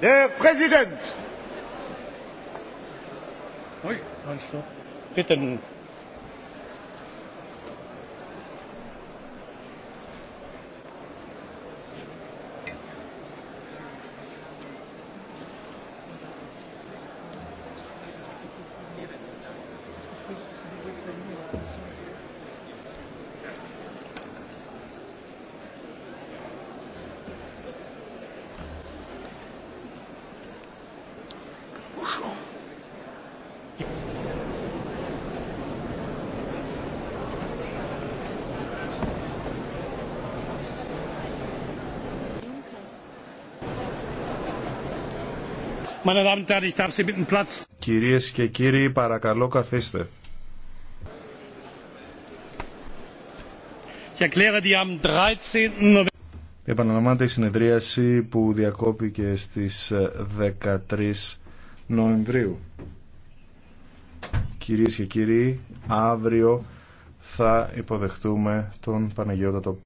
Der Präsident! Κυρίες και κύριοι, παρακαλώ καθίστε. Επαναλαμβάνεται η συνεδρίαση που διακόπηκε στις 13 ε, Νοεμβρίου. Κυρίες και κύριοι, αύριο θα υποδεχτούμε τον Παναγιώτατο